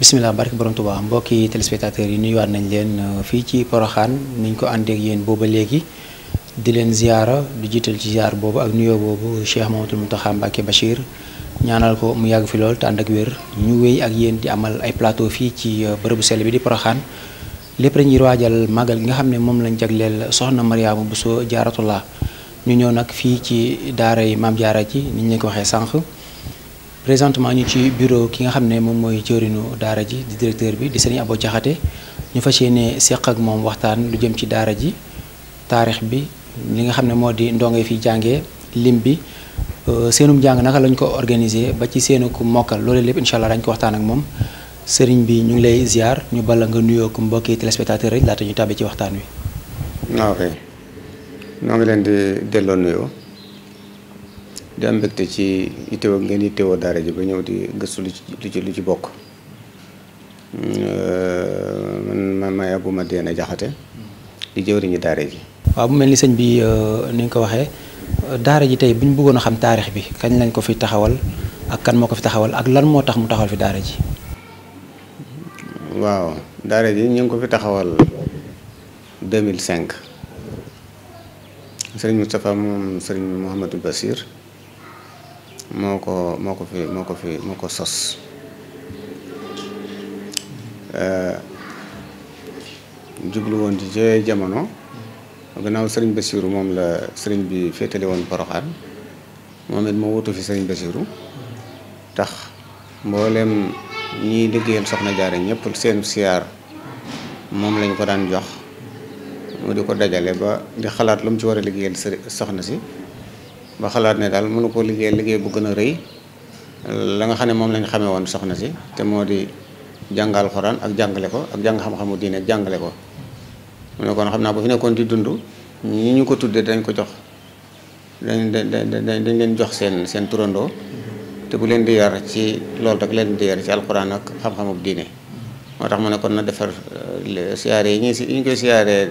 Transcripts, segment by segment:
bisimilah barke borom Touba mbokki téléspectateurs yi nuyuwaat nañ leen euh, fii ci Porokhane niñ ko àndeek yéen booba léegi di leen ziyaara di jiital ci ziyaar boobu ak nuyoo boobu Cheikh Mamadou Mountakha Mbacké Bachir ñaanal ko mu yàgg fi lool te ànd ak wér ñu wéy ak yéen di amal ay plateau fii ci euh, bërëbu sell bi di Porokhane lépp dañuy waajal magal gi nga xam ne moom lañ jagleel soxna Mariama Bousso Jaaratullaa ñu ñëw nag fii ci daara yi Maam Jaara ji niñ leen ko waxee sànq présentement ñu ci bureau ki nga xam ne moom mooy jëwriñu daara ji di directeur bi di sëriñ Abo Jaxate ñu fa yéene seq ak moom waxtaan lu jëm ci daara ji taarix bi li nga xam ne moo di ndongo fi jànge lim bi euh, seenum jàng naka lañ ko organiser ba ci seenu ku mokkal loolu lépp incha allah dañ ko waxtaan ak moom sëriñ bi ñu ngi lay ziar ñu bala nga nuyoo ko mbokki téléspectateur rek laata ñu tàbbi ci waxtaan wi. waaw ah, kay ngi leen di delloo nuyoo. di am mbégte ci yittewoo ngeen yittewoo daara ji ba ñëw di gëstu lu ci lu ci lu ci bokk ma mm, euh, may Abou Madiyana Jaxate di jëwriñu daara ji waaw mel ni sëñ bi euh, ni nga ko waxee daare ji tey bu ñu bëggoon a xam taarix bi kañ lañ ko fi taxawal ak kan moo ko fi taxawal ak lan moo tax mu taxawal fi daara ji waaw daara ji ñu ngi ko fi taxawal 2005 sëriñ Moustapha moom sëriñ Mouhamadou Bassir moo ko moo ko fi moo ko fi moo ko sos euh, jublu woon ci jee jamono gannaaw sëriñ Basiiru moom la sëriñ bi féetale woon Poroxaan moom it moo wutu fi sëriñ Basiiru tax mboolem ñiy liggéeyal soxna jaare ñëpp seen siyaar moom lañu ko daan jox mu di ko dajale ba di xalaat lu mu ci war a liggéeyal soxna si ba xalaat ne daal mënu koo liggéey liggéey bu gën a rëy la nga xam ne moom lañ xamee woon soxna si te moo di jàng alxuraan ak jàngale ko ak jàng xam-xamu diine ak jàngale ko mu ne xam naa bu fi nekkoon di dund ñi ñu ko tuddee dañ ko jox dañ dañ leen jox seen seen turandoo te bu leen di yar ci loolu rek leen di yar ci alxuraan ak xam-xamu diine moo tax mu nekkoon na defar euh, siyaare yi ñuy si ñu koy siyaaree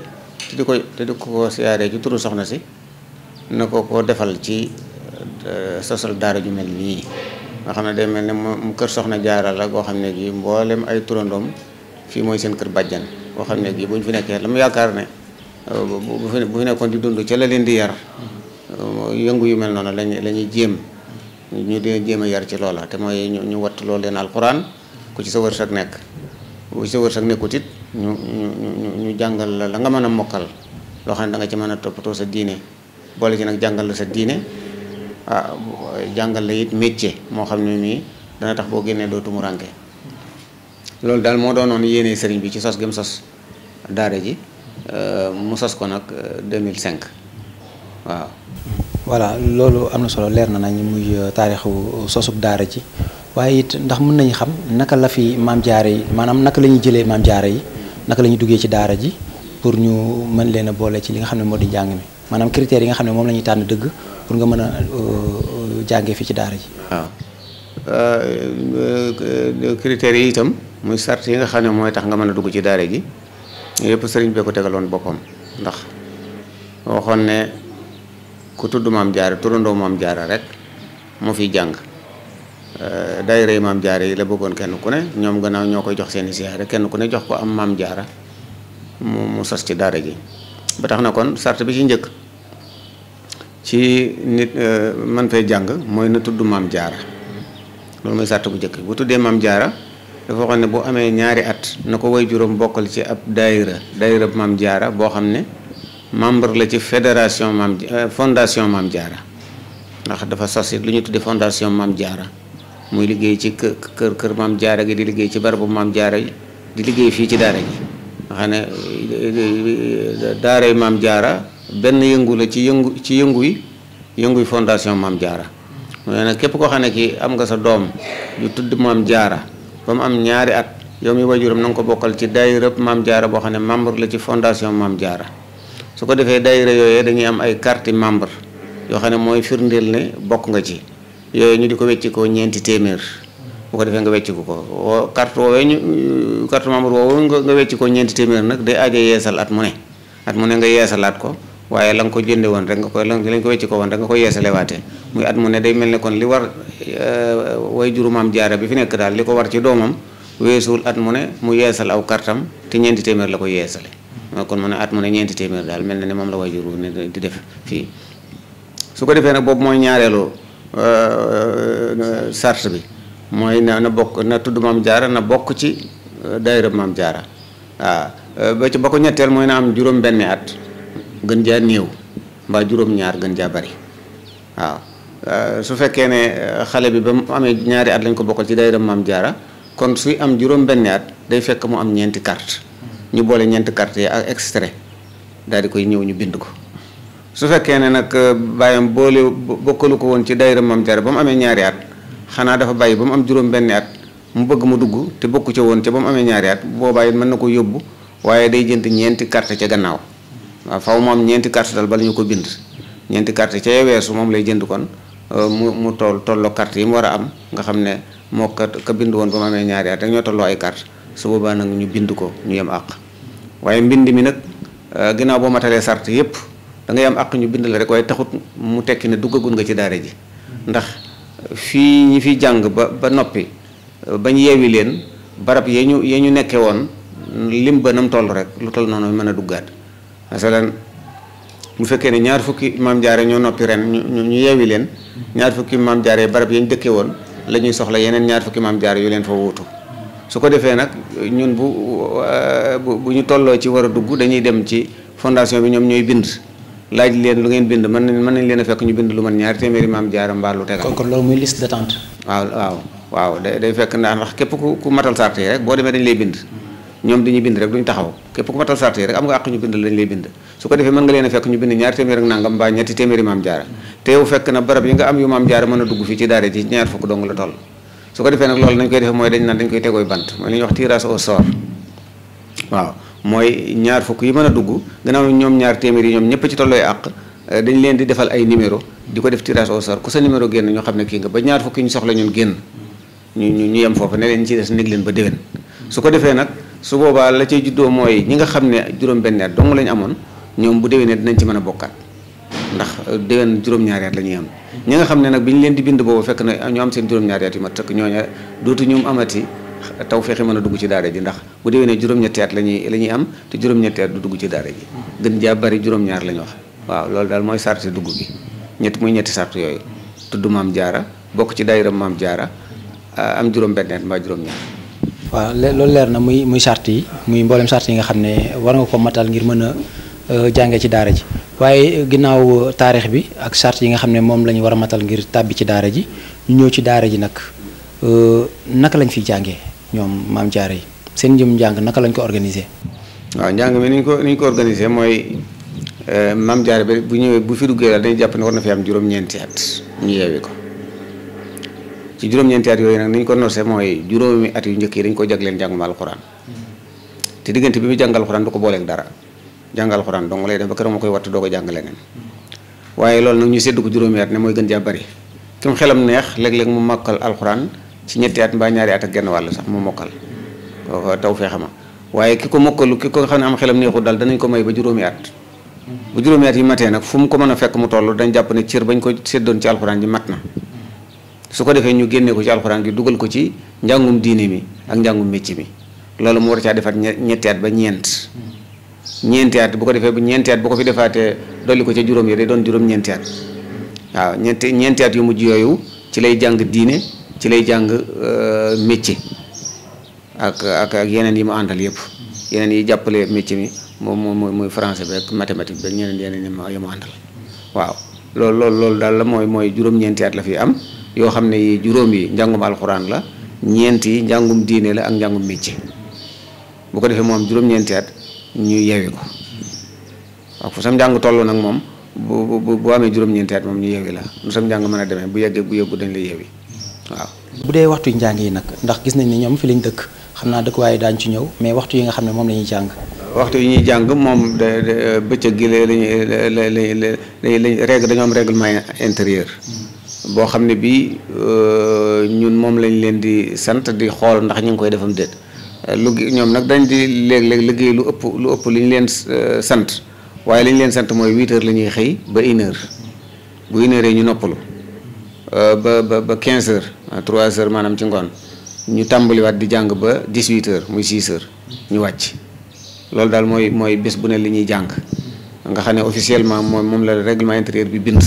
te di koy te di ko siyaaree ci turu soxna si na ko ko defal ci euh, sosal daara ju mel nii nga xam ne day mel ne mu kër soxna jaara la goo xam ne gi mboolem ay turandoom fii mooy seen kër bàjjan boo xam ne gi bu ñu fi nekkee la mu yaakaar ne euh, bu fi nekkoon di dund ca la leen di yar euh, yëngu yu mel noonu lañu la jéem ñu dee jéem a yar ci loola te mooy ñu wattu loolu leen alxuraan ku ci sa wërsëg nekk ku ci sa wërsëg nekkut it ñu ñu ñu jàngal la la nga mën a mokkal loo xam ne danga ci mën a toppatoo sa diine boole ci nag jàngal la sa diine ah jàngal la it métier moo xam ne nii dana tax boo génnee doo tumuranke loolu daal moo doonoon yéene sëriñ bi ci sos gi mu sos daara ji euh, mu sos ko nag 2005 euh, waaw. voilà loolu am na solo leer na nañ muy euh, taarixu sosub daara ji waaye it ndax mun nañu xam naka la fi maam jaare yi maanaam naka la ñuy jëlee maam jaare yi naka la ñuy duggee ci daara ji pour ñu mën leen a boole ci li nga xam ne moo di jàng mi. maanaam critères yi nga xam ne moom la ñuy tànn dëgg pour nga mën a euh, euh, jàngee fi ci daara ji. waaw ah. euh, critères yi itam muy sart yi nga xam ne mooy tax nga mën a dugg ci daara ji yëpp sëriñ bee ko tegaloon boppam ndax waxoon ne ku tudd maam jaara turandoo maam jaara rek mu fiy jàng daayira yi maam jaara yi la bëggoon kenn ku ne ñoom gannaaw ñoo koy jox seeni siyaare kenn ku ne jox ko am maam jaara mu mu sos ci daara ji. ba tax na kon sart bi ci njëkk ci nit euh, man fay jàng mooy na tudd maam jaara loolu mooy sart bu njëkk bu tuddee maam jaara dafa waxoon ne bu amee ñaari at na ko way juróom bokkal ci ab daayira daayira maam jaara boo xam ne membre la ci fédération maam euh, fondation maam jaara ndax dafa sos it lu ñu tuddee fondation maam jaara muy liggéey ci kër kër maam jaara gi di liggéey ci barabu maam jaara yi di liggéey fii ci daara ji nga xam ne euh, daaray maam jaara benn yëngu la ci yëngu ci yëngu yi yënguy fondation maam jaara mu ne képp koo xam ne ki am nga sa doom ju tudd maam jaara ba mu am ñaari at yow mi wajuram na nga ko bokkal ci daayira maam jaara boo xam ne membre la ci fondation maam jaara su ko defee daayira yooyee dañuy am ay karti membre yoo xam ne mooy firndeel ne bokk nga ci yooyu ñu di ko wecci ko ñeenti téeméer bu ko nga wecc ko woo carte woowee ñu euh, carte membre woowu nga wecc ko ñeenti téeméer nag day aaje yeesal at mu ne at mu ne nga yeesalaat ko waaye la nga ko jënde woon rek nga koy la ko wecc ko woon rek nga koy at mu day mel ne kon li war euh, way jurumaam jaara bi fi nekk daal li ko war ci doomam weesuwul at mu ne mu yeesal aw kartam te ñeenti téeméer la koy yeesale kon mu ne at mu ne ñeenti téeméer daal mel na ne moom la way juru ne di def fii su ko defee nag boobu mooy ñaareelu sart euh, bi mooy na na bokk na tudd maam jaara na bokk ci euh, daayira maam jaara waaw euh, ba ci ba ko ñetteel mooy na am juróom benni at gën jaa néew mbaa juróom ñaar gën jaa bari waaw euh, su fekkee ne xale bi ba mu amee ñaari at lañ ko bokkal ci daayira maam jaara kon suy am juróom benni at day fekk mu am ñeenti carte ñu boole ñeenti carte yi ak extrait daal koy ñëw ñu bind ko su fekkee ne nag bàyyam boole bokkalu ko woon ci daayira maam jaara ba mu amee ñaari at xanaa dafa bàyyi ba mu am juróom benni at mu bëgg mu dugg te bokku ca woon ca ba mu amee ñaari at boobaa it mën na ko yóbbu waaye day jënd ñeenti carte ca gannaaw waaw faw moom ñeenti carte dal bala ñu ko bind ñeenti carte ca weesu moom lay jënd kon euh, mu mu toll tolloo carte yi mu war a am nga xam ne moo ka bind woon ba mu amee ñaari at rek ñoo tolloo ay carte su boobaa nag ñu bind ko ñu yem àq waaye mbind mi nag euh, ginnaaw boo matalee sart yépp da ngay am àq ñu bind la rek waaye taxut mu tekki ne duggagul nga ci daara ji ndax fii ñi fi jàng ba ba noppi bañ yeewi leen barab ya ñu ya ñu nekke woon lim ba nam toll rek lu toll noonu mën a duggaat masalan bu fekkee ne ñaar fukki maam jaare ñoo noppi ren ñu ñu yeewi leen ñaar fukki maam jaare barab yañ dëkkee woon la ñuy soxla yeneen ñaar fukki maam jaare yu leen fa wuutu su ko defee nag ñun bu bu ñu tolloo ci war a dugg dañuy dem ci fondation bi ñoom ñooy bind laaj leen lu ngeen bind mën nañ mën nañ leen fekk ñu bind lu man ñaari téeméeri maam jaara mbaa lu tegal. kon loolu muy liste d'attente. waaw waaw waaw day day fekk ndax képp ku ku matal sart yi rek boo demee dañ lay bind. ñoom di ñu bind rek duñ taxaw képp ku matal sart yi rek am nga àq ñu bind lañ lay bind su ko defee mën nga leen a fekk ñu bind ñaari téeméer ak nangam mbaa ñetti téeméeri maam jaara te yow fekk na barab yi nga am yu maam jaara mën a dugg fii ci daara ji ñaar fukk dong la toll ko defee nag loolu nañ koy mooy dañ naan dañ koy tegooy bant mooy li ñuy wax waaw mooy ñaar fukk yi mën a dugg gannaaw ñoom ñaar téeméer yi ñoom ñëpp ci tollooy àq eh, dañ leen di defal ay numéro di ko def tirage au sort ku sa numéro génn ñoo xam ne kii nga ba ñaar fukk yi ñu soxla ñun génn ñu ñu yem foofu ne leen ci des néeg leen ba déwén su ko defee nag su boobaa la cay juddoo mooy ñi nga xam ne juróom-benn at lañu lañ amoon ñoom bu déwénee dinañ ci mën a bokkaat ndax eh, déwén juróom-ñaari lañu la ñuy ñi nga xam ne nag bi ñu leen di bind boobu fekk na ñu am seen juróom-ñaari at yu mat tëkk ñooña dootu ñum amati taw fexe mën a dugg ci daara ji ndax bu déwénee juróom-ñetti at la ñuy la ñuy am te juróom-ñetti du dugg ci daara ji gën jaa bari juróom-ñaar la ñu wax waaw loolu daal mooy sart dugg gi ñett muy ñetti sart yooyu tudd maam jaara bokk ci daayira maam jaara am juróom-benneet mbaa juróom waaw loolu leer na muy muy sart yi muy mboolem sart yi nga xam ne war nga ko matal ngir mën a euh, jànge ci daara ji waaye ginnaaw taarix bi ak sart yi nga xam ne moom la ñu war a matal ngir tàbbi ci daara ji ñu ñëw ci daara ji nag euh, naka lañ fiy jàngee ñoom maam Thiaré yi seen jëm njàng naka lañ ko organiser. waaw njàng mi ni ñu ko ni ñu ko organiser mooy eh, maam Thiaré ba bu ñëwee bu fi duggee daal dañuy jàpp ne war na fi am juróom-ñeenti at ñu yeewee ko ci juróom-ñeenti yooyu nag ni ñu ko noosee mooy juróomi at yu njëkk yi dañ ko jagleen njàngum alxuraan te diggante bi muy jàng alxuraan du ko booleeg dara jàng alxuraan dong lay def ba keroog ma koy wattu doo ko jàng leneen waaye loolu nag ñu séddu ko juróomi at mooy gën jaa bari ki mu neex léeg mu màkkal alxuraan ci ñetti mbaa ñaari at ak genn wàll sax mu mokkal kooku taw fee waaye ki ko mokkalu ki ko xam ne am xelam neexul dal danañ ko may ba juróomi at bu juróomi at yi matee nag fu mu ko mën a fekk mu toll dañ jàpp ne cër bañ ko séddoon ci alxuraan ji mat na su ko defee ñu génnee ko ci alxuraan gi dugal ko ci njàngum diine mi ak njàngum mécc mi loolu mu war caa defaat ñetti at ba ñeent ñeenti bu ko defee bu ñeenti at bu ko fi defaatee dolli ko ca juróom yi day doon juróom ñeenti at waaw ñeenti yu mujj yooyu ci lay jàng diine ci lay jàng euh, métier ak ak ak yeneen yi mu àndal yëpp yeneen yi jàppale métier mi moom mooy muy français bi ak mathématique bi ak ñeneen yeneen yi mu àndal waaw loolu loolu daal la mooy mooy juróom-ñeenti at la fi am yoo xam ne yi juróom yi njàngum alxuraan la ñeenti njàngum diine la ak njàngum métier bu ko defee moom juróom-ñeenti at ñu yewi ko waaw fu sam njàng toll nag moom bu bu bu amee juróom-ñeenti moom ñu yewi la nu sam njàng mën a demee bu yeggee bu yëggu dañ la waaw bu dee waxtu njàng yi nag ndax gis nañ ni ñoom fi lañ dëkk xam naa dëkk waaye daañ ci ñëw mais waxtu yi nga xam ne moom la ñuy jàng waxtu yi ñuy jàng moom euh, bëccëg gi la lañuy la règle dañoo am règlement intérieur hmm. boo xam ne bii euh, ñun moom lañ leen di sant di xool ndax ñu ngi koy defam déet lu ñoom nag dañ di léeg-léeg liggéey lu ëpp lu ëpp li leen euh, sant waaye lañ leen sant mooy huit heures la ñuy xëy ba une heure bu une ñu noppalu ba ba ba quinze trois heures maanaam ci ngoon ñu tàmbaliwaat di jàng ba 18 heures muy 6 heures ñu wàcc loolu daal mooy mooy bés bu ne li ñuy jàng nga xam ne officiellement moom moom la règlement intérieur bi bind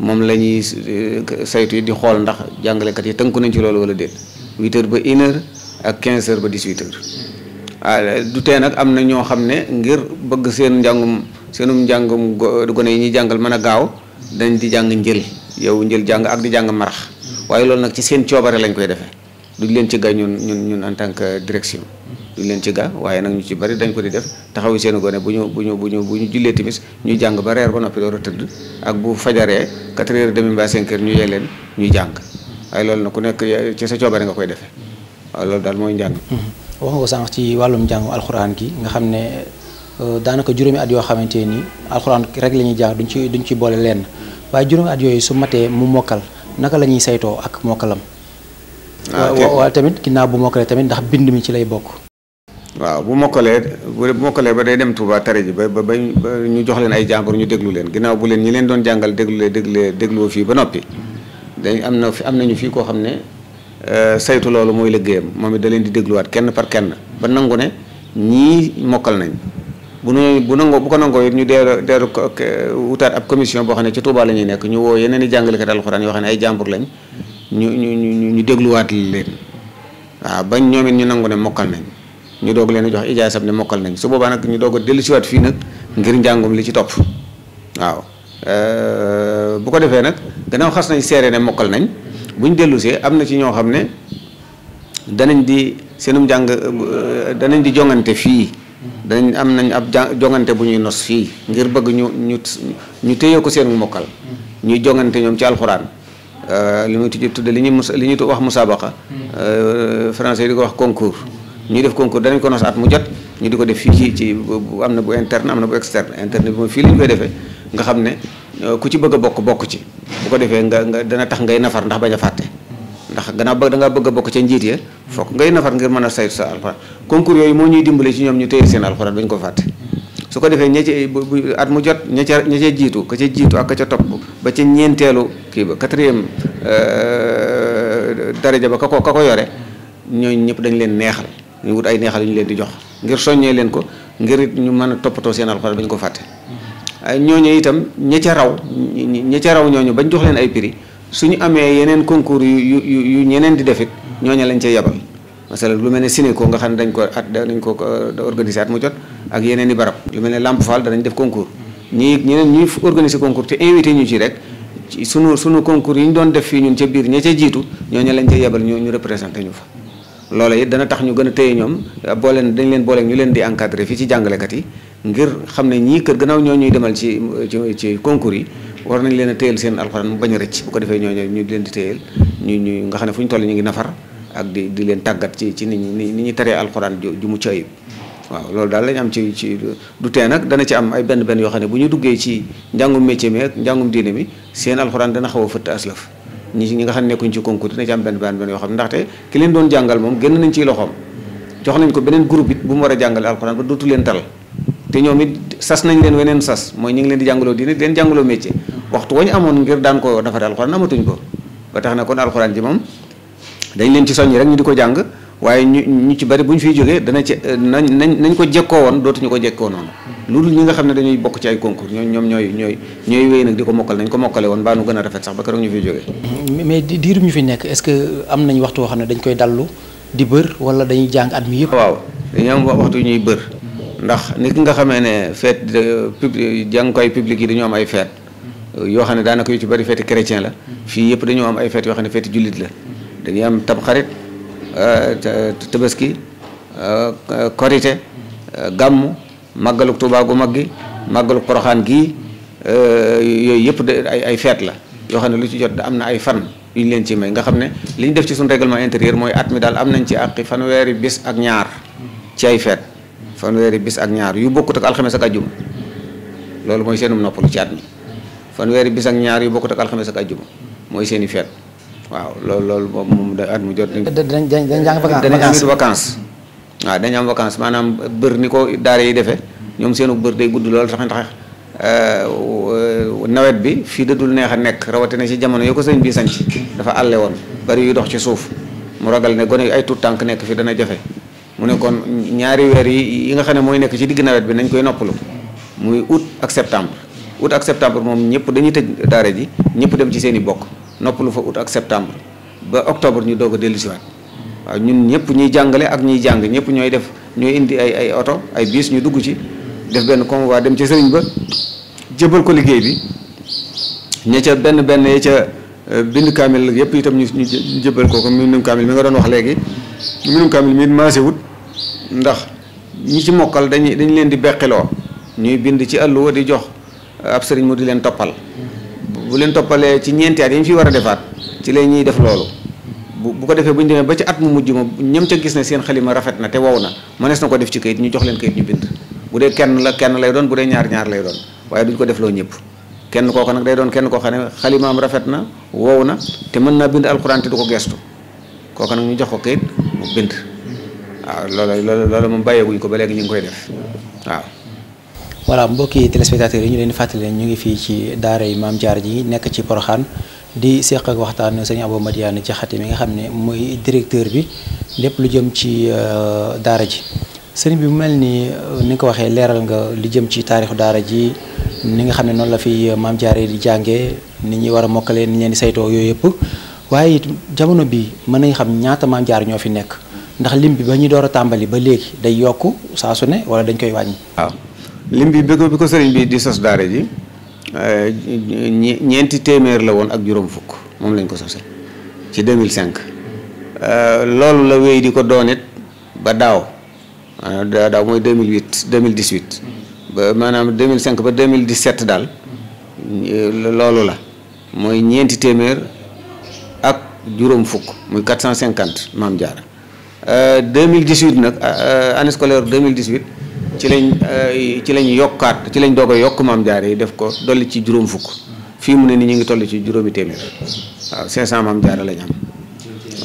moom la ñuy euh, yi di xool ndax jàngalekat yi tënku nañ ci loolu wala déet 8 ba 1 ak 15 heures ba 18 heures ah du tee nag am na ñoo xam ne ngir bëgg seen njàngum seenum njàngum gone yi ñuy jàngal mën a gaaw dañ di jàng njël yow njël jàng ak di jàng marax waaye loolu nag ci seen coobare lañ koy defee duñ leen ci ga ñun ñun ñun en tant que direction duñ leen ci ga waaye nag ñu ci bari dañ ko di def taxawu seen gone bu ñu bu ñu bu bu ñu jullee timis ñu jàng ba reer ba noppi door a tëdd ak bu fajaree 4 heures demi mbaa 5 ñu yee leen ñu jàng waaye loolu nag ku nekk ci sa coobare nga koy defee waaw loolu daal mooy njàng wax nga ko sànq ci wàllum njàngu alxuraan gi nga xam ne euh, daanaka juróomi at yoo xamante ni alxuraan rek la ñuy jàng duñ ci duñ ci boole lenn waaye juróomi at yooyu su matee mu mokkal naka la ñuy saytoo ak mokkalam. Ah, waaw tamit ginnaaw bu mokkalee tamit ndax bind mi ci lay bokk. waaw bu mokkalee bu mokkalee ba day dem Touba tare ji ba ba ba ñu jox leen ay jàngoor ñu déglu leen ginnaaw bu leen ñi leen doon jàngal déglu déglu dégluwoo fii ba noppi. dañ am na fi am nañu fii koo xam ne euh, saytu loolu mooy liggéeyam moom it da leen di dégluwaat kenn par kenn ba nangu ne ñii mokkal nañ. bu nu bu nangoo bu ko nangoo it ñu deeru deeru eh, wutaat ab commission boo xam ne ci Touba la ñuy nekk ñu woo yeneen i jàngalekat alxuraan yoo xam ne ay jàmbur lañ ñu ñu ñu ñu dégluwaat leen waaw bañ ñoom it ñu nangu ne mokkal nañ ñu doog leen di jox ijaasab ne mokkal nañ su boobaa nag ñu doog a dellusiwaat fii nag ngir njàngum li ci topp waaw eh, ko defee nag gannaaw xas nañ seere ne mokkal nañ buñ dellusee am na ci ñoo xam ne danañ di seenum njàng eh, danañ di jongante fii dañ am nañ ab jongante bu ñuy nos fii ngir bëgg ñu ñu ñu téye ko seen mokkal ñuy jongante ñoom ci alxuraan euh, li muy tudd tudde li ñuy mus li ñuy wax musaabaqa euh, français di ko wax concours ñuy def concours danañ ko nos at mu jot ñu di ko def fii ci ci am na bu interne am na bu externe interne bi mooy fii lañ koy defee nga xam ne euh, ku ci bëgg a bokk bokk ci bu ko defee nga nga dana tax ngay nafar ndax bañ a fàtte ndax gannaaw ba dangaa bëgg a bokk ca njiit ya fokk ngay nafar ngir mën a saytu sa alxuraan concours yooyu moo ñuy dimbale ci ñoom ñu téye seen alxuraan bañ ko fàtte su ko defee ña ci at mu jot ña ca ña ca jiitu ka ce jiitu ak ka ca topp ba ca ñeenteelu kii ba quatrième euh, daraja ba ka ko ka ko yore ñooñu ñëpp dañ leen neexal ñu wut ay neexal yu ñu leen di jox ngir soññee leen ko ngir ñu mën a toppatoo seen alxuraan bañ ko fàtte ñooñu itam ña ca raw ña ca raw ñooñu bañ jox leen ay prix su ñu amee yeneen concours yu yu yu ñeneen di defit ñooña lañ cay yabal masala lu mel ne Sénégal nga xam ne dañ ko at dañ ko euh, organiser at mu jot ak yeneen i barab lu mel ne làmp Fall danañ def concours ñi ñeneen ñuy organiser concours te invité ñu ci rek sunu sunu concours yi ñu doon def fii ñun ca biir ña ca jiitu ñooña lañ cay yabal ñu ñu représenté ñu fa loola it dana tax ñu gën a téye ñoom booleen dañ leen booleeg ñu leen di encadré fii ci jàngalekat yi ngir xam ne ñii kër gannaaw ñoo ñuy demal ci ci ci concours yi war nañ leen a téyel seen alxuraan mu bañ a rëcc bu ko defee ñooñu ñu di leen di téyel ñu ñu nga xam ne fu ñu toll ñu ngi nafar ak di di leen tàggat ci ci ni ñu ni ñuy taree alxuraan ju mucc ayib loolu daal lañu am ci ci du tee nag dana ci am ay benn benn yoo xam ne bu ñu duggee ci njàngum métier mi ak njàngum diine mi seen alxuraan dana xaw a fëtt aslaf ñi ñi nga xam ne nekkuñ ci concours dina ci am benn benn yoo xam ne ndaxte ki leen doon jàngal moom génn nañ ciy loxoom jox nañ ko beneen groupe it bu mu war a jàngale alxuraan ba dootu leen tal te ñoom it sas nañ leen weneen sas mooy ñu ngi leen di jàngaloo diine di leen jàngaloo métier waxtu wañu amoon ngir daan ko nafare alxuraan amatuñ ko ba tax na kon alxuraan ji moom dañ leen ci soññi rek di ko jàng waaye ñu ñu ci bari bu fiy jógee dana ci nañ nañ nañ ko jekkoo woon dootuñu ko jekkoo noonu loolu ñi xam ne dañuy bokk ci ay concours ñoo ñoom ñooy ñooy ñooy wéy nag di ko mokkal nañ ko mokkale woon baa nu gën a rafet sax ba keroog ñu fiy jógee mais diirum ñu fi nekk est que am nañ waxtu woo xam ne dañ koy dallu di bër wala dañuy jàng at mi yëpp waaw dañuy am waxtu ñuy bër ndax nit ki nga xamee ne fête publique jàngukaay publique yi dañu am ay fête yoo xam ne daanaka yu ci bari fête chrétien la fii yëpp dañoo am ay fête yoo xam ne fête jullit la dañuy am tabxarit euh, tabaski euh, korite euh, gàmmu màggalu Tuubaa gu mag gi màggalu Poroxaan gii yooyu yëpp de ay ay fête la yoo xam ne lu ci jot am na ay fan yu ñu leen ci may nga xam ne li ñu def ci suñu règlement intérieur mooy at mi daal am nañ ci àqi fanweeri bis ak ñaar ci ay fête fanweeri bis ak ñaar yu bokkut ak alxames ak ajjuma loolu mooy seenu seenum noppalu ci at mi fanweeri bis ak ñaar yu bokkut ak alxames ak ajjuma mooy seeni feet waaw loolu loolu moom da at mu jot. dañ dañ dañ jàng vacance vacance waaw dañ am vacance maanaam bër ni ko daara yi defee ñoom seenu bër day gudd loolu tax tax euh, nawet bi fii da dul neex a nekk rawatina ci jamono yoo ko sëñ bi sanc dafa àlle woon bari yu dox ci suuf mu ragal ne gone ay tout tànk nekk fi dana jafe. mu ne kon ñaari weer yi yi nga xam ne mooy nekk ci digg nawet bi nañ koy noppalu muy août ak septembre août ak septembre moom ñëpp dañuy tëj daara ji ñëpp dem ci seen i bokk noppalu fa août ak septembre ba octobre ñu doog a dellu siwaat waaw ñun ñëpp ñuy jàngale ak ñuy jàng ñëpp ñooy def ñooy indi ay ay oto ay biis ñu dugg ci def benn convoi dem ca sëriñ ba jëbal ko liggéey bi ña benn benn ya ca euh, bind kaamil yëpp itam ñu ñu jëbal ko ko mbindum kaamil doon wax léegi mbindum wut ndax ñi ci mokkal dañuy dañ leen di beqiloo ñuy bind ci àlluwa di jox uh, ab sëriñ mu di leen toppal bu leen toppalee ci ñeenti at yi ñu fi war a defaat ci lay ñuy def loolu bu bu ko defee bu ñu demee ba ci at mu mujj ma ñam ca gis ne seen xalima rafet na te wow na mënees na ko def ci kayit ñu jox leen kayit ñu bind bu dee kenn la kenn lay doon bu dee ñaar ñaar lay doon waaye duñ ko def loo ñëpp kenn kooko nag day doon kenn koo xam ne xalimaam rafet na wow na te mën naa bind alxuraan te du ko gestu kooku nag ñu jox ko kayit mu bind waaw loolu loolu loolu moom bàyyeeguñ ko ba léegi ñu ngi koy def waaw. voilà mbokki téléspectateurs yi ñu leen fàttalee ñu ngi fii ci daara yi maam jaar ji nekk ci Porokhane di seq ak waxtaan sëñ Abou Madiane Diakhaté mi nga xam ne mooy directeur bi lépp lu jëm ci euh, daara ji sëñ bi mu mel ni euh, ni nga ko waxee leeral nga lu jëm ci taarixu daara ji ni nga xam ne noonu la fi euh, maam jaar yi di jàngee ni ñuy war a mokkalee ni leen di saytoo yooyu yëpp waaye it jamono bi mën nañ xam ñaata maam ñoo fi nekk. ndax lim bi ba ñuy door a tàmbali ba léegi day yokk saa su ne wala dañ koy wàññi. waaw lim bi bi ko bi ko sëriñ bii di sos daara ji eh, ñeenti téeméer la woon ak juróom fukk moom lañ ko sosal ci 2005. Eh, loolu la wéy di ko doon ba daaw eh, daaw mooy 2008 2018 ba maanaam 2005 ba 2017 daal loolu la mooy ñeenti téeméer ak juróom fukk muy 450 maam jaara 2018 euh, nag euh, euh, année scolaire 2018 ci lañ ci lañ yokkaat ci lañ doog a yokk maam jaare yi def ko dolli ci juróom fukk fii mu ne ni ñu ngi toll ci juróomi téeméer waaw 500 maam jaare lañ am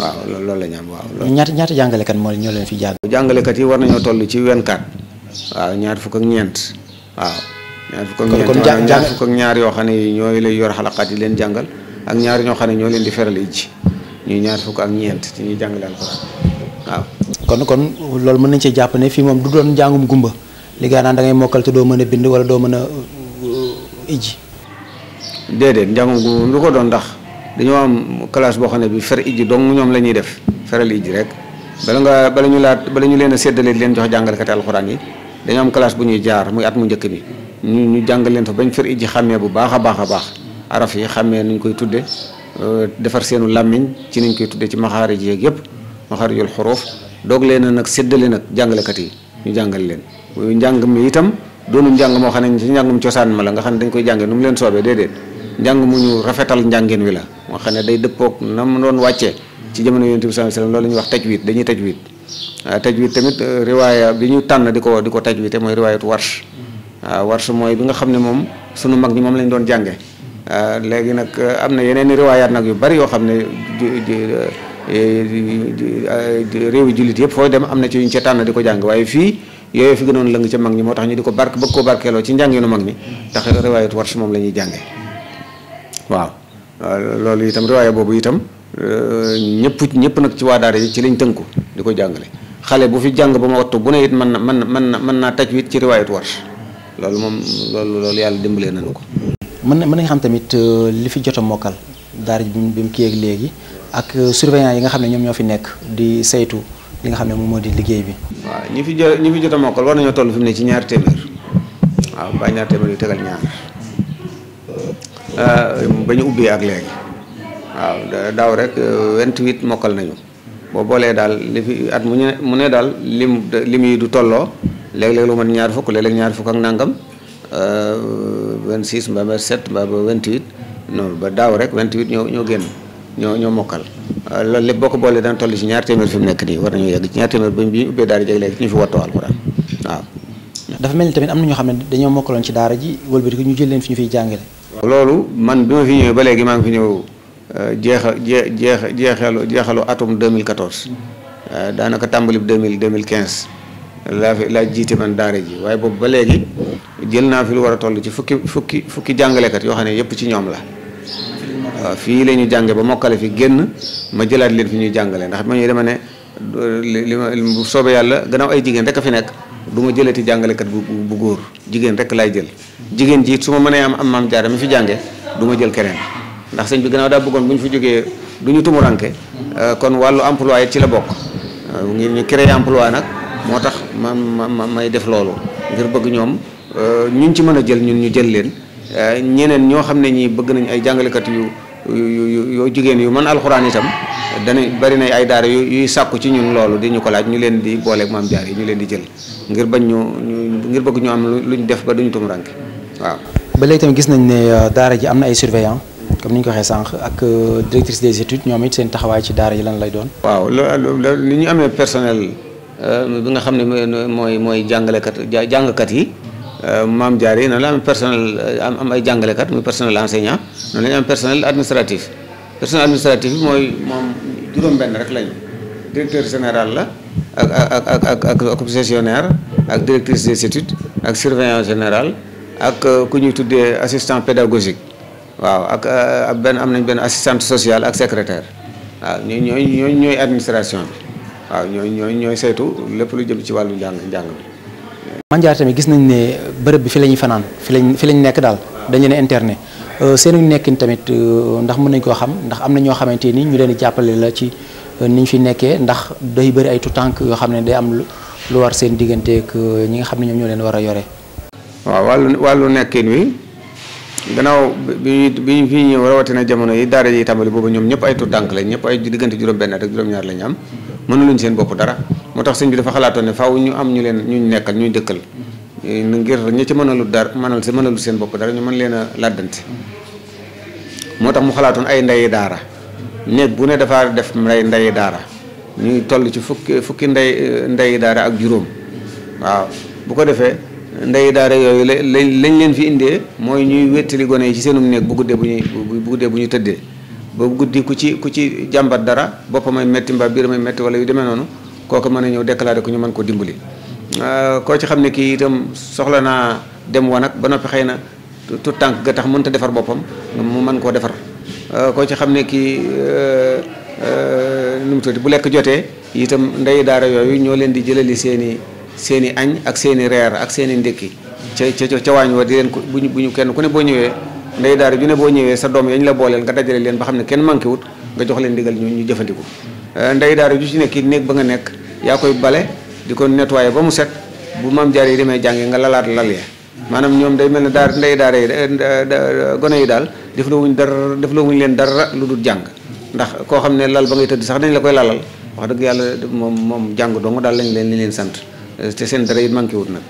waaw loolu la ñu am waaw. ñaata ñaata jàngalekat moo ñoo leen fi jàng. jàngalekat yi war nañoo toll ci 24 waaw ñaar fukk ak ñeent waaw. ñaar fukk ak ñeent waaw ñaar fukk ak ñaar yoo xam ne ñooy lay yor xalaqaat yi leen jàngal ak ñaar ñoo xam ne ñoo leen di feral yi ci ñuy ñaar fukk ak ñeent ci ñuy jàngale alxuraan waaw kon kon loolu mën nañ cee jàpp ne fii moom du doon njàngum gumba li nga naan da mokkal te doo mën a bind wala doo mën a uh, ijji. déedéet njàngum gumba lu ko doon ndax dañoo am classe boo xam ne bi fer ijji dong ñoom la ñuy def feral ijji rek bala nga bala ñu laat bala ñu leen a séddale leen jox jàngalekati alxuraan yi dañoo am classe bu ñuy jaar muy at mu njëkk bi ñu ñu jàngal leen fa bañ fer ijji xàmmee bu baax a baax a baax araf yi xàmmee nuñ koy tudde uh, defar seenu làmmiñ ci niñ koy tudde ci maxaarij yeeg yëpp maxarijul xuruf doog leen a nag séddale nag jàngalekat yi ñu jàngal leen muy njàng mi itam doonu njàng moo xam ne ci njàngum cosaan ma la nga xam ne dañ koy jàngee nu mu leen soobee déedéet njàng mu ñu rafetal njàngin wi la moo xam ne day dëppook na mu doon wàccee ci jamono yonent bi sallallahu alayhi loolu la ñuy wax tajwid dañuy taj tajwid waaw tajwid tamit euh, riwaaya bi ñu tànn di ko di ko tajwid te mooy riwaayatu warsh waaw warsh mooy bi nga xam ne moom sunu mag ñi moom lañ doon jànge léegi nag euh, am na yeneen i nag yu bari yoo xam ne euh, réew eh, réewi jullit yëpp foo dem am na ci ñu ca tànn di ko jàng waaye fii yooyu fi gënoon lëng ca mag ñi moo tax ñu di ko bark bëgg koo barkeeloo ci njàngeenu mag ñi tax riwaayat warsh moom la ñuy jànge waaw loolu itam riwaaya boobu itam eh, ñëpp ñëpp nag ci waa daara yi ci lañ tënku di ko jàngale xale bu fi ba ma wattu bu ne it mën na mën na mën na mën naa taj wit ci riwaayat warsh loolu moom loolu loolu yàlla dimbalee nañu ko mën na mën nga xam tamit eh, li fi jot a mokkal daara bi mu kii ak léegi ak surveillant yi nga xam ne ñoom ñoo fi nekk di saytu li nga xam ne moom moo di liggéey bi. waaw ñi fi jë ñi fi jot a mokkal war nañoo toll fi mu ne ci ñaar téeméer waaw mbaa ñaar téeméer yu tegal ñaar euh, ba ñu ubbee ak léegi waaw daaw rek 28 euh, mokkal nañu boo boolee daal li fi at mu ne mu ne daal lim lim yi du tolloo léeg-léeg lu mën ñaar fukk léeg-léeg ñaar fukk ak nangam 26 euh, mbaa ba 7 mbaa ba ba daaw rek 28 ñoo ñoo génn. ñoo ñoo mokkal euh, loolu lépp boo ko boolee dana toll ci ñaar téeméer fi mu nekk nii war nañoo yegg ci ñaar téeméer ba bi ñu ubbee daara jeeg léegi ñu fi wattoo alxuraan waaw dafa mel ni tamit am na ñoo xam ne dañoo mokkaloon ci daara ji wëlbati ko ñu jël leen fi ñu fiy jàngale loolu man bi fi ñëwee léegi maa ngi ñëw euh, jeex jee jeex jeexalu jeexalu atum 2014 euh, daanaka tàmbali 2000 2015 laa fi laa jiite man daara ji waaye boobu ba léegi jël naa fi lu war a toll ci fukki fukki fukki jàngalekat yoo xam ne yëpp ci ñoom la waaw fii la jànge ba mokkale fi génn ma jëlaat leen fi ñuy jàngale ndax ma ñuy dema ne li ma bu soobee yàlla gannaaw ay jigéen rek a fi nekk du ma jëlati jàngalekat bu bu góor jigéen rek laay jël jigéen ji su ma mënee am am maam mu fi jànge du ma jël keneen ndax sëñ bi gannaaw daa bëggoon bu ñu fi jógee du ñu tumuranke euh, kon wàllu emploi it ci la bokk euh, ngir ñu créer emploi nag moo tax ma ma may def loolu ngir bëgg ñoom euh, ñun ci mën a jël ñun ñu jël leen ñeneen ñoo xam ne ñi bëgg nañ ay jàngalekat yu yoo jigéen yu mën alxuraan itam danañ bari na ay daara yuy sàkku ci ñun loolu di ñu ko laaj ñu leen di booleeg maam jaar yi ñu leen di jël ngir bañ ñu ñu ngir bëgg ñu am lu ñu def ba duñu tumuranke waaw. ba léegi gis nañ ne euh, daara ji am na ay surveillant comme ni ñu ko waxee sànq ak euh, directrice des études ñoom it seen taxawaay ci daara yi lan lay doon. waaw li ñu amee personnel euh, bi nga xam ne mooy mooy jàngalekat jàngkat yi. Euh, maam jaar yi noonu la am personnel am am ay jàngalekat muy personnel enseignant noonu la ñu am personnel administratif personnel administratif bi mooy moom juróom-benn rek lañu directeur général la ak ak ak ak ak ak gestionnaire ak directrice des études ak surveillant général ak euh, ku ñuy tuddee assistant pédagogique waaw ak euh, ak benn am nañ benn assistante sociale ak secretaire waaw ñooy ñooy ñooy administration bi waaw ñooy ñooy ñooy saytu lépp lu jëm ci wàllu njàng njàng Mandiar tamit gis nañ ne bërëb bi fi la ñuy fanaan fi lañ fi lañ nekk daal dañu ne internet euh, seenu nekkin tamit euh, ndax mën nañ koo xam ndax am na ñoo xamante ni ñu leen di jàppale la ci euh, niñ fi nekkee ndax day bari ay tànk yoo xam ne day am lu war seen digganteeg ñi nga xam ne ñoom ñoo leen war a yore. waaw wàllu wàllu nekkin wi gannaaw bi bi ñu fi ñëw rawatina jamono yi daara yi tàmbali boobu ñoom ñëpp ay tutànk lañ ñëpp ay diggante juróom-benn rek juróom-ñaar lañ am. mënaluñ seen bopp dara moo tax sëñ bi dafa xalaatoon ne faaw ñu am ñu leen ñu nekkal ñuy dëkkal mm-hmm. eh, ngir ñi ci mënalu dara mënal si mënalu seen bopp dara ñu mën leen a laddante mm-hmm. moo tax mu xalaatoon ay ndayi daara néeg bu ne dafa def ay ndayi daara ñuy toll ci fukki fukki ndey ndayi daara ak juróom waaw bu ko defee ndey daara yooyu lañ lañ leen fi indee mooy ñuy wéttali gone yi ci seenum néeg bu guddee bu ñuy bu guddee bu ñu tëddee boobu guddi ku ci ku ci jàmbat dara boppamay métti mbaa biir may métti wala yu demee noonu kooku mën a ñëw déclaré ko ñu mën ko dimbali. Euh, koo ci xam ne kii itam soxla naa dem wanag ba noppi xëy na tout tànk ga tax mënut a defar boppam mu koo defar euh, koo ci xam ne kii euh, nu mu tudd bu lekk jotee itam ndey daara yooyu ñoo leen di jëlali seen i seen i añ ak seeni reer ak seen i ndékki ca ca ca waañ wa di leen ko bu ñu bu ñu kenn ku ne boo ñëwee. ndey daara ju ne boo ñëwee sa doom yañ la booleel nga dajale leen ba xam ne kenn manqué nga jox leen digal ñu ñu jëfandiku euh, ju ci nekk it néeg ba nga nekk yaa koy bale di ko nettoyé ba mu set bu maam jaar yi demee jàngi nga lalaat lal ya maanaam ñoom day mel ne daar ndey daara yi euh, euh, gone yi daal def loo wuñ dara def loo wuñ leen dara lu dul jàng ndax koo xam ne lal ba ngay tëdd sax dañ la koy lalal wax dëgg yàlla moom moom jàng dong daal lañ leen li leen sant te seen dara yi wut nag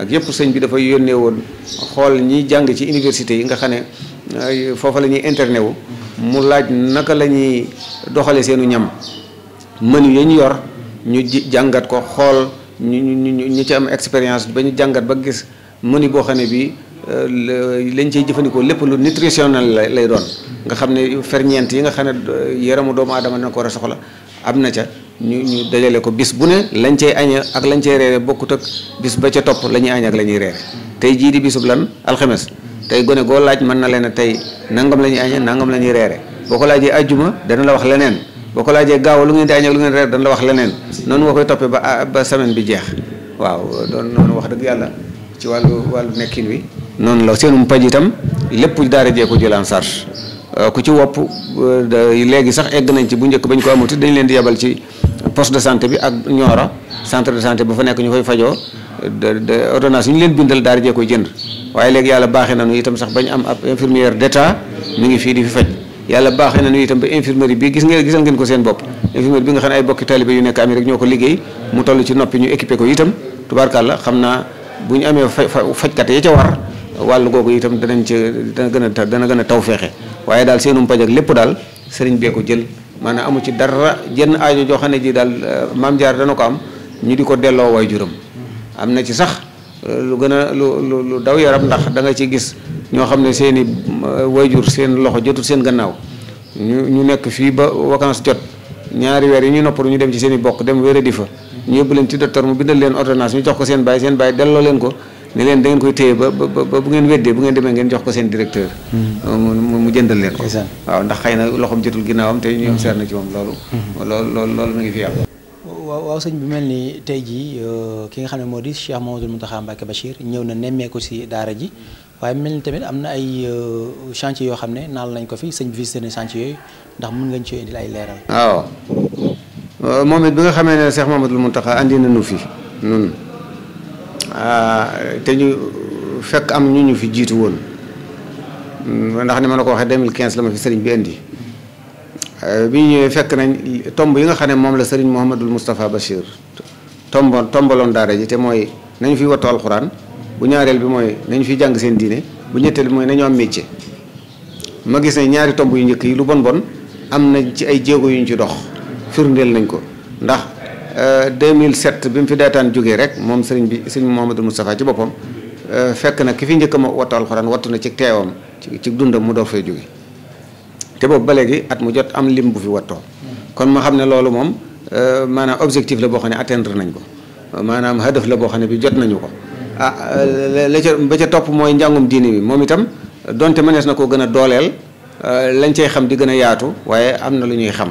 ak yëpp sëñ bi dafa yónnee woon xool ñiy jàng ci université yi nga xam ne foofa la ñuy interné wu mu laaj naka la ñuy doxale seenu ñam menu ya ñu yor ñu jàngat ko xool ñu ñu ñu ñu ci am expérience ba ñu jàngat ba gis menu boo xam ne bii euh, lañ ciy jëfandikoo lépp lu nutritionnel la lay doon nga xam ne ferñeent yi nga xam ne euh, yaramu doomu aadama dina ko war a soxla am na ca ñu ñu dajale ko bis bu ne lañ cey aña ak lañ cey reere bokkut ak bis ba ca topp la ñuy añ ak la ñuy reere tey jii di bisub lan alxemes tey gone goo laaj mën na leen a tey nangam la ñuy aña nangam la ñuy reere boo ko laajee ajjuma dana la wax leneen boo ko laajee gaaw lu ngeen di añ ak lu ngeen reere dana la wax leneen noonu nga koy toppee ba ah, ba semaine bi jeex waaw doon noonu wax dëgg yàlla ci wàllu wàllu nekkiin wi noonu la seenum paj itam lépp daara jee ko jëlaan sarge euh, ku ci wopp euh, léegi sax egg nañ ci bu njëkk bañ ko amatu dañ leen di yebal ci poste de santé bi ak Nioro centre de santé ba fa nekk ñu fay fajoo ordonnance yi ñu leen bindal daara jee koy jënd waaye léegi yàlla baaxee nañu itam sax bañ am ab infirmière d'état mu ngi fii di fi faj yàlla baaxee nañu itam ba infirmerie bi gis ngeen gisal ko seen bopp infirmerie bi nga xam ne ay bokki talibé yu nekk Amérique ñoo ko liggéey mu toll ci noppi ñu équipé ko itam la xam naa bu ñu amee fajkat ya ca war wàll googu itam danañ ci dana gën a dana gën a taw feexe waaye daal seenum paj ak lépp daal sëriñ bee ko jël maanaam amu ci dara jenn aajo joo xam ne ji daal euh, maam jaar dana ko am ñu di ko delloo waay juram am na ci sax euh, lu gën a lu lu daw yaram ndax danga nga ci gis ñoo xam ne seen i euh, wayjur seen loxo jotul seen gannaaw ñu ñu nekk fii ba vacances jot ñaari weer yi ñu noppalu ñu dem ci seen i bokk dem wéeré di fa ñu yóbbu leen ci docteur mu bindal leen ordonnance ñu jox ko seen bàyyi seen bàyyi delloo leen ko ne leen da ngeen koy téye ba ba bu ngeen weddee bu ngeen demee ngeen jox ko seen directeur hmm. mu jëndal leen ko waaw ndax xëy na loxoom jotul ginnaawam te ñoom hmm. seer na ci moom loolu hmm. loolu loolu loolu ngi fi am waaw sañ sëñ bi mel ni tey jii euh, ki nga xam ne moo di Cheikh Mamadou Mountakha Mbacké Bachir ñëw na nemmeeku si daara ji waaye mel ni tamit am na ay euh, chantier yoo xam ne naal nañ ko fi sëñ bi visité na chantier yooyu ndax mën ngañ ci indil ay leeral waaw euh, moom it bi nga xamee ne Cheikh Mamadou Mountakha andi na nu fi nun Euh, te ñu fekk am ñu ñu fi jiitu woon mm, ndax ni ma la ko waxee 2015 la ma fi sëriñ bi indi euh, bi ñu ñëwee fekk nañ tomb yi nga xam ne moom la sëriñ Mouhamadul Moustapha Bachir tombo tombaloon daara ji te mooy nañu fi wattu alxuraan bu ñaareel bi mooy nañu fi jàng seen diine bu ñetteel bi mooy nañu am métier ma gis ne ñaari tomb yu njëkk yi lu bon bon am na ci ay jéego yu ñu ci dox firndeel nañ ko ndax. 2007 euh, bi mu fi daataan jógee rek moom sëriñ bi sëriñ Mouhamadou Moustapha ci boppam euh, fekk na ki fi njëkk a ma wattu alxuraan wattu na ci teewam ci ci dundam mu door fay jóge te boobu ba léegi at mu jot am lim bu fi wattoo kon ma xam ne loolu moom euh, maanaam objectif la boo xam ne atteindre nañ ko maanaam hadaf la boo xam ne bi jot nañu ko ah la ca ba ca topp mooy njàngum diini bi moom itam donte mënees na koo gën a dooleel lañ cay xam di gën a yaatu waaye am na lu ñuy xam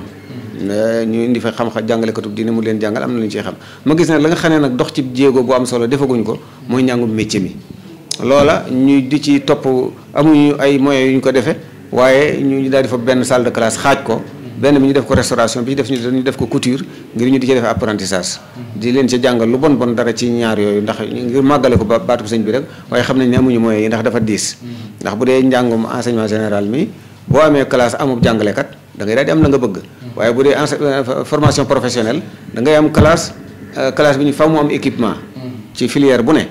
ñu indi fa xam jàngalekatu jàngalekatub diine mu leen jàngal am na lu ñu ciy xam ma gis nag la nga xam ne nag dox ci jéego bu am solo defaguñ ko mooy njàngum métier mi loola ñu di ci topp amuñu ay moyens yu ñu ko defee waaye ñu daal di fa benn salle de classe xaaj ko benn bi ñu def ko restauration bi def ñu def ko couture ngir ñu di ci def apprentissage di leen ci jàngal lu bon bon dara ci ñaar yooyu ndax ngir màggale ko ba baatu sëñ bi rek waaye xam nañ ne amuñu moyens yi ndax dafa diis ndax bu dee njàngum enseignement général mi boo amee classe amub jàngalekat da ngay daal am la nga bëgg waaye bu dee euh, formation professionnelle dangay ngay am classe euh, classe bi ñu faw mu am équipement. Mm. ci filière bu ne.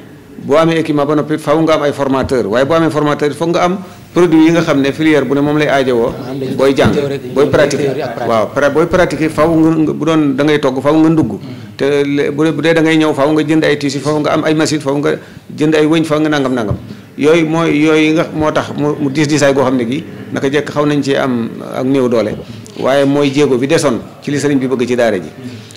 boo amee équipement ba noppi faw nga am ay formateur waaye boo amee formateur foog nga am produit yi nga xam ne filière bu ne moom lay aajowoo. Ah, booy jàng booy pratiquer waaw booy pratiquer faw nga bu doon dangay ngay togg faw nga ndugg. Mm. te bu dee dangay ñëw faw nga jënd ay tissu faw nga am ay machine faw nga jënd ay wëñ faw nga nangam nangam. yooyu mooy yooyu nga moo tax mu diis diisaay goo xam ne gi naka jekk xaw nañ ci am ak néew doole waaye mooy jéego bi desoon ci li sëriñ bi bëgg ci daara ji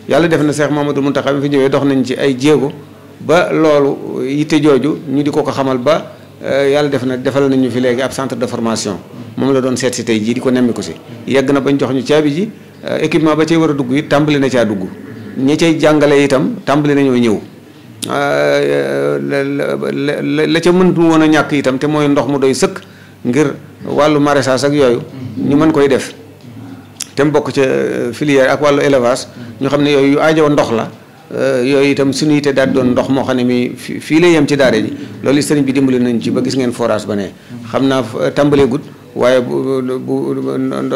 yàlla def na moom Cheikh Mamadou Mountakha bi fi ñëwee dox nañ ci ay jéego ba loolu yitte jooju ñu di ko ko xamal ba euh, yàlla def na defal nañu fi léegi ab centre de formation moom la doon seet si tey jii di ko nemmiku si yegg na bañ jox ñu caabi ji euh, équipement ba cay war a dugg it tàmbali na caa dugg ñi cay jàngale itam tàmbali nañoo ñëw euh, la ca mëntu woon a ñàkk itam te mooy ndox mu doy sëkk ngir wàllu maraîchage ak yooyu ñu mën koy def te mu bokk ca euh, filière ak wàllu élevage ñu xam ne yooyu yu aajoo ndox la euh, yooyu itam suñu yite daadi doon ndox moo xam ne mi fii lay yem ci daara ji loolu sëriñ bi dimbali nañ ci ba gis ngeen forage ba ne xam naa euh, tàmbalee waaye bu bu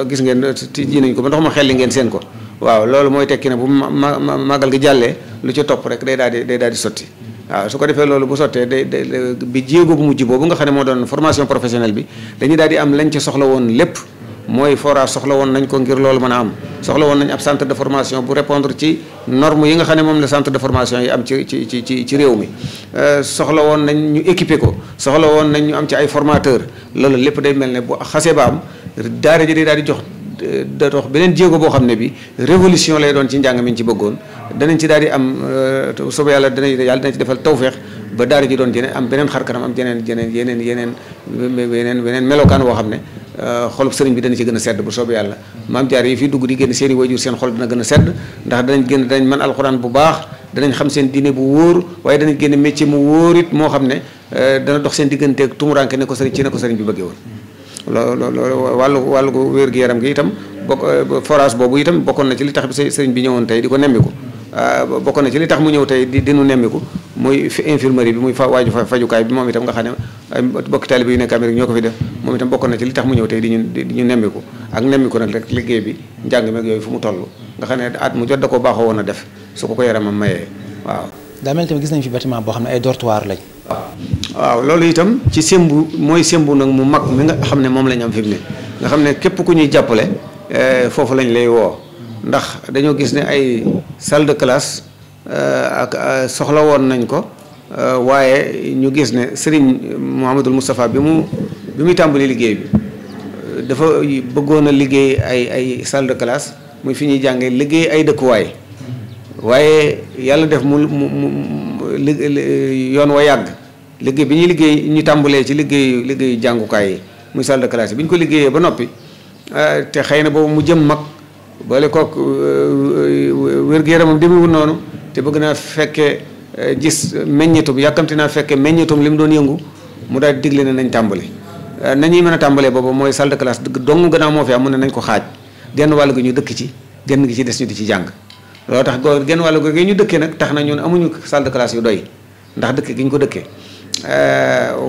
gis ngeen ji nañ ko ba ndox ma xelli ngeen seen ko waaw loolu mooy tekki na bu ma màggal gi jàllee lu ca topp rek day daal di day daal di sotti waaw su ko defee loolu bu sottee day day bi jéego bu mujj boobu nga xam ne moo doon formation professionnelle bi dañuy daal di am lañ ca soxla woon lépp mooy forage soxla woon nañ ko ngir loolu mën a am soxla woon nañ ab centre de formation bu répondre ci norme yi nga xam ne moom la centre de formation yi am ci ci ci ci réew mi euh, soxla woon nañ ñu équiper ko soxla woon nañ ñu am ci ay formateur loolu lépp day mel ne bu xasee ba am daara ji day daal di jox da dox beneen jéego boo xam ne bi révolution lay doon ci njàng mi ñu ci bëggoon danañ ci daal di am euh, soobu yàlla danañ yàlla danañ ci defal tawféex ba daara ji doon jeneen am beneen xar kanam am jeneen jeneen yeneen yeneen yeneen yeneen melokaan woo xam ne Euh, xolub sëriñ bi dana ci gën a sedd bu soobee yàlla maam jaar yi fi dugg di génn seen i wayjur seen xol dina gën a sedd ndax danañ génn danañ mën alxuraan bu baax danañ xam seen dine bu wóor waaye danañ génn métier mu wóor it moo xam ne euh, dana dox seen digganteeg tumuranke ne ko sëriñ ci ne ko sëriñ bi bëggee woon loolu loolu wàllu ko wér-gu-yaram gi itam bokk euh, forage boobu itam bokkoon na ci li tax sëriñ bi ñëwoon tey di ko nemmiku Euh, bokk na ci li tax mu ñëw tey di dinu nemmiku muy infirmerie bi muy fa waaju fajukaay bi moom itam nga xam ne bokki taalibe yu ñoo ko fi def moom itam bokk na ci li tax mu ñëw tey di ñu di ñu nemmiku ak nemmiku liggéey bi njàng meeg yooyu fu mu toll nga xam ne at mu jot ko baaxoo woon a def su ko ko yaramam mayee waaw daa mel tamit gis nañ fi bâtiment boo xam ne ay dortoir lañ waaw loolu itam ci sémbu mooy sémbu nag mu mag mi nga xam ne moom lañ am fi mu ne nga xam ne képp ku ñuy jàppale euh, foofu lañu lay woo ndax dañoo gis ne ay sald de classe euh, ak euh, soxla woon nañ ko euh, waaye ñu gis ne Serigne Mouhamadul Moustapha bi mu bi muy tàmbali liggéey bi dafa bëggoon a liggéey ay ay salle de muy fi ñuy jàngee liggéey ay dëkkuwaay waaye yàlla def mu mu mu yoon wa yàgg liggéey bi ñuy liggéey ñu tàmbalee ci liggéeyu liggéeyu jàngukaay yi muy salle de classe yi bi ñu ko liggéeyee ba noppi te xëy na boobu mu jëm mag. boole kook euh, euh, wér-gu-yaramam demewul noonu te bëgg naa fekkee euh, gis meññitum yàkkamti naa fekkee meññitum li mu doon yëngu mu daal digle ne nañ tàmbali nañuy mën a tàmbalee boobu mooy salle de classe dong gannaaw moo fi mu ne nañ ko xaaj genn wàll gi ñu dëkk ci genn gi ci des ñu di ci jàng loolu tax go genn wàll gi ñu dëkkee nag tax na ñun amuñu salle de yu doy ndax dëkk gi ñu ko dëkkee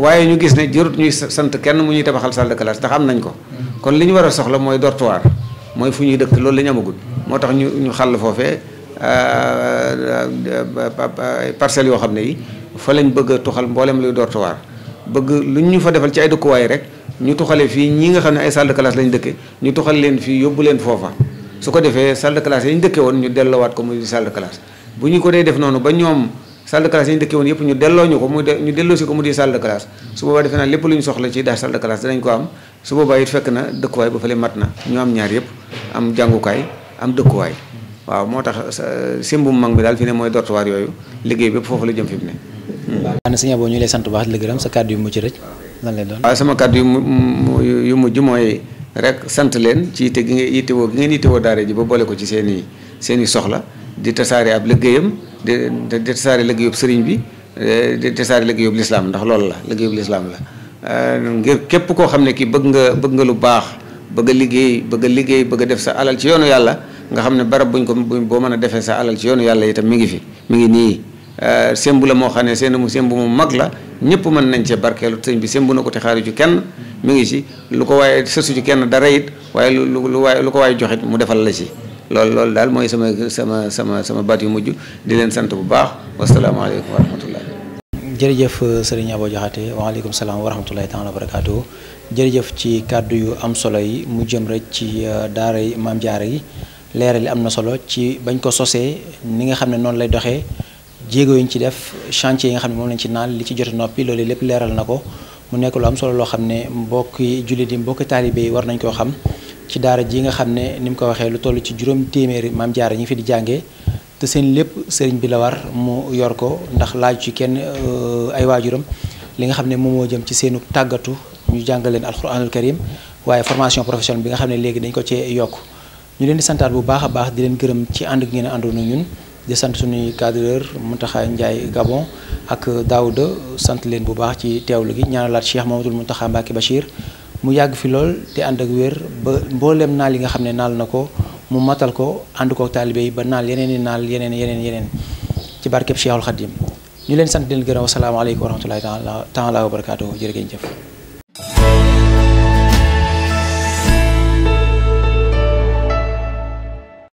waaye ñu gis ne jërut ñuy sant kenn mu ñuy tabaxal salle de classe ndax am nañ ko mm-hmm. kon li ñu war a soxla mooy dortoir mooy fu ñuy dëkk loolu la ñu amagul moo tax ñu ñu xàll foofee euh, euh, parcelles yoo xam ne yi fa lañ bëgg a tuxal mboolem luy door tuwaar bëgg lu ñu fa defal ci ay dëkkuwaay rek ñu tuxale fii ñi nga xam ne ay salle de classe dëkke ñu tuxal leen fii yóbbu leen foofa su ko defee salle de classe yi woon ñu delloowaat ko muy salle de bu ñu ko dee def noonu ba ñoom salle de classe dëkke woon yëpp ñu delloo ñu ko ñu delloo si ko mu di salle de classe defe naa lépp lu ñu soxla ci daal salle de classe danañ ko am su boobaa it fekk na dëkkuwaay ba fale mat na ñu am ñaar yëpp am jàngukaay am dëkkuwaay waaw moo tax simbum mag mi daal fi ne mooy dortuwaar yooyu liggéey bépp foofu la jëm fi mu ne. waaw na sëñ ñu lay sant bu baax di la sa kàddu yu mujj rek lan lay doon. waaw sama kàddu yu mu yu mujj mooy rek sant leen ci yitte gi ngeen yittewoo gi ngeen yittewoo daara ji ba boole ko ci seeni i soxla di tasaare ab liggéeyam di di tasaare liggéeyub sëriñ bi eh, di tasaare liggéeyub lislaam ndax loolu la liggéeyub lislaam la eh, ngir képp koo xam ne kii bëgg nga bëgg nga lu baax. bëgg liggéey bëgg a liggéey bëgg def sa alal ci yoonu yàlla nga xam ne barab buñ ko boo mën a defee sa alal ci yoonu yàlla itam mi ngi fi mu ngi nii euh, sémbu la moo xam ne seen mu sémbu mu mag la ñëpp mën nañ cee barkeelu sëñ bi sémbu na ko te xaaru ci kenn mi ngi si lu ko waaye sësu ci kenn dara it waaye lu lu waaye lu ko waaye joxit mu defal la si loolu loolu daal mooy sama sama sama sama baat yu mujj di leen sant bu baax wasalaamaaleykum wa rahmatullah jërëjëf sëriñ Abo Jaxate waaleykum salaam wa rahmatullahi taala wa jërëjëf ci kàddu yu am solo yi mu jëm rek ci euh, daara yi maam jaara yi leeral yi am na solo ci bañ ko sosee ni nga xam ne noonu lay doxee jéego yi ci def chantier yi nga xam ne lañ ci naan li ci jot noppi loolu lépp leeral na ko mu nekk lu am solo loo xam ne mbokki jullit yi mbokki taalibe yi war nañ koo xam ci daara ji nga xam ne ni mu ko waxee lu toll ci juróom téeméeri maam jaara ñi ngi di jàngee te seen lépp sëriñ bi la war mu yor ko ndax laaj ci kenn euh, ay waajuram li nga xam ne moom moo jëm ci seenu tàggatu ñu jàngal leen alxuraanul karim waaye formation professionnelle bi nga xam ne léegi dañ ko cee yokk ñu leen di bu baax a baax di leen gërëm ci ànd ngeen àndoon ak ñun di sant suñuy mu cadreur Mountakha Ndiaye Gabon ak Daouda sant leen bu baax ci teewlu gi ñaanalaat Cheikh Mamadou Mountakha Mbacké Bachir mu yàgg fi lool te ànd ak wér ba mbooleem naal yi nga xam ne naal na ko mu matal ko ànd ko taalibe yi ba naal yeneen i naal yeneen yeneen yeneen ci barkeb Cheikhul Khadim ñu leen sant di leen gërëm wasalaamaaleykum wa rahmatulahi taala wa barakaatuhu jërë ngeen jëf